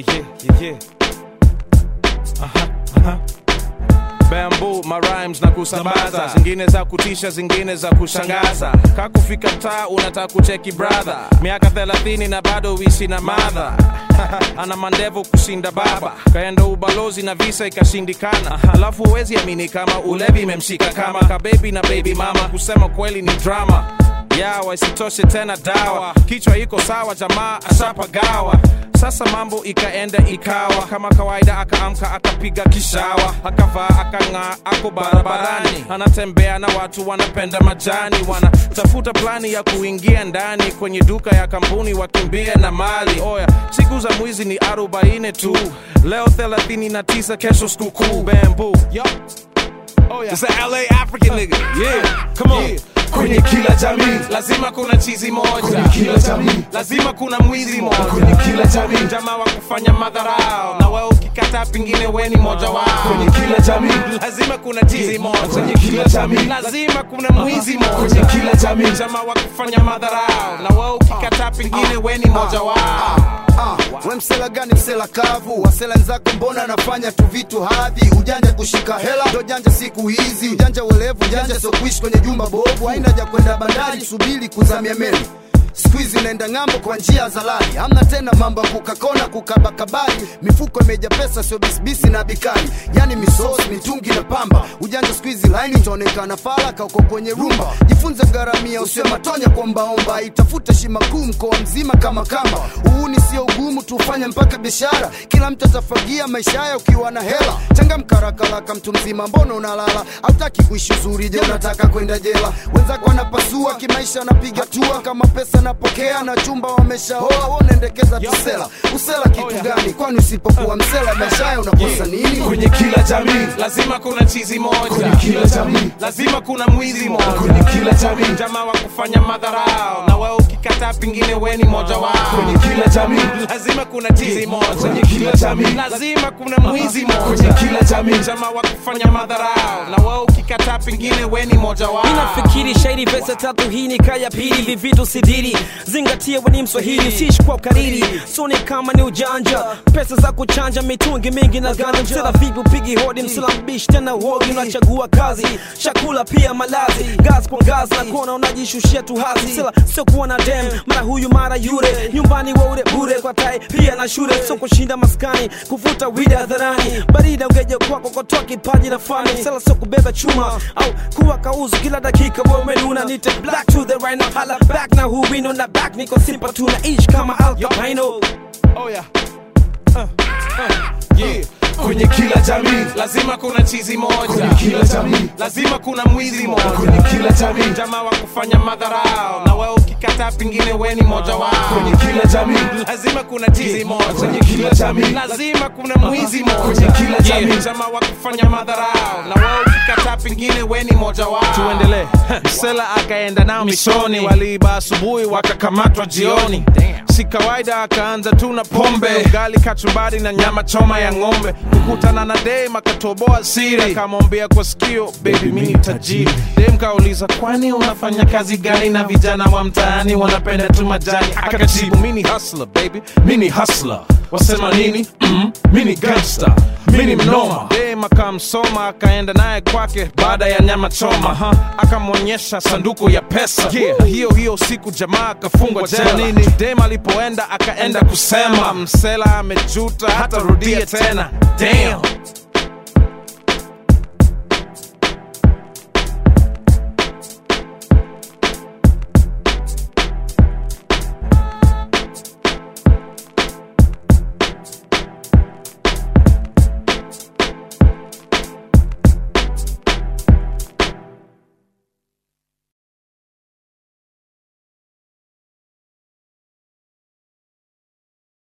yeah, yeah, yeah, yeah. Bamboo, my rhymes na kusambaza, zingine za kutisha, zingine za kushangaza. Kakufika taa unataka kucheki brother, miaka 30 na bado wisi na madha ana mandevu kushinda baba, kaenda ubalozi na visa ikashindikana. alafu uwezi amini kama ulevi imemshika kama kabebi na baby mama, kusema kweli ni drama yawa, isitoshe tena dawa, kichwa iko sawa, jamaa ashapagawa sasa mambo ikaenda ikawa kama kawaida, akaamka akapiga kishawa, akavaa akang'aa, ako barabarani, anatembea na watu wanapenda majani, wanatafuta plani ya kuingia ndani kwenye duka ya kampuni, wakimbia na mali. Oya, siku za mwizi ni arobaini tu, leo 39, kesho sikukuu. Bamboo, yup. Oh yeah, it's an LA African nigga. Yeah, come on. Yeah kwenye kila jamii lazima kuna chizi moja kwenye kila jamii lazima kuna mwizi moja kwenye kila jamii jamaa wa kufanya madharao na wao ukikata pingine wewe ni moja wao kwenye kila jamii lazima kuna chizi moja kwenye kila jamii lazima kuna mwizi moja kwenye kila jamii jamaa wa kufanya madharao na wao ukikata pingine wewe ni moja wao Uh. we msela gani msela kavu wasela nzako mbona anafanya tu vitu hadhi ujanja kushika hela ndo janja siku hizi ujanja uelevu ujanja sokuishi kwenye jumba bovu aina ja kwenda bandari subili kuzamia meli siku hizi naenda ng'ambo kwa njia za lali, hamna tena mambo ya kukakona kukabakabali, mifuko imeja pesa, sio bisibisi na bikali, yani misosi mitungi na pamba. Ujanja siku hizi laini itaonekana faraka, uko kwenye rumba, jifunze gharamia, usio matonya kuombaomba, itafute shima kuu mkoa mzima kama kama uuni sio ugumu, tufanye mpaka biashara, kila mtu atafagia maisha yao ukiwa na hela. Changa mkarakalaka, mtu mzima, mbona unalala? Hautaki kuishi uzuri, je, unataka kwenda jela? Wenzako wanapasua kimaisha, anapiga tua kama pesa napo kupokea na chumba wameshaoa, wanaendekeza tusela usela kitu oh, gani? Kwani usipokuwa msela mashaya unakosa nini? Kwenye kila jamii lazima kuna chizi moja, kwenye kila jamii lazima kuna mwizi moja, kwenye kila jamii jamaa wa kufanya madharau na wao ukikataa pingine weni moja wao kwenye kila jamii lazima kuna tizi moja kwenye kila jamii lazima kuna mwizi moja kwenye kila jamii jama wa kufanya madharau na wao ukikataa pingine weni moja wa inafikiri shairi vesa tatu hii ni kaya pili vivitu sidiri zingatia weni mswahili usiishi kwa ukariri suni kama ni ujanja pesa za kuchanja mitungi mingi na gana msela vipi upigi hodi msilambishi tena uogi unachagua kazi chakula pia malazi gazi kwa ngazi na kuona unajishushia tuhazi hazi sila sio kuwa na de dem mara huyu mara yule nyumbani waure bure kwa tai pia na shule so kushinda maskani kufuta wida hadharani barida ungeje kwako kotoa kipaji na fani sala so kubeba chuma au kuwa kauzu kila dakika wewe umenuna nite black to the right now hala back na huwino na back niko simpa tuna na ish kama Al Capino oh yeah uh, uh, yeah kwenye kila jamii lazima kuna chizi moja kwenye kila jamii lazima kuna mwizi moja kwenye kila jamii jamaa wa kufanya madharao na wewe ukikataa pingine wewe ni moja wao kwenye kila jamii lazima kuna chizi moja kwenye kila jamii lazima kuna mwizi moja kwenye kila jamii jamaa wa kufanya madharao na wewe ukikataa pingine wewe ni moja wao tuendelee msela akaenda nao mishoni waliiba asubuhi wakakamatwa jioni Dang si kawaida, akaanza tu na pombe, ugali, kachumbari na nyama choma ya ng'ombe. Kukutana na Dem akatoboa siri, akamwambia kwa sikio, baby mini tajiri. Dem kauliza, kwani unafanya kazi gani? na vijana wa mtaani wanapenda tu majani. Akajibu, mini ni hustler baby, mimi ni hustler. Wasema nini? Mm, ni gangster, mnoma Mama kamsoma akaenda naye kwake baada ya nyama choma uh -huh. Akamwonyesha sanduku ya pesa yeah. Hiyo hiyo siku jamaa akafungwa jela Dem alipoenda akaenda kusema msela amejuta hatarudia tena. Damn.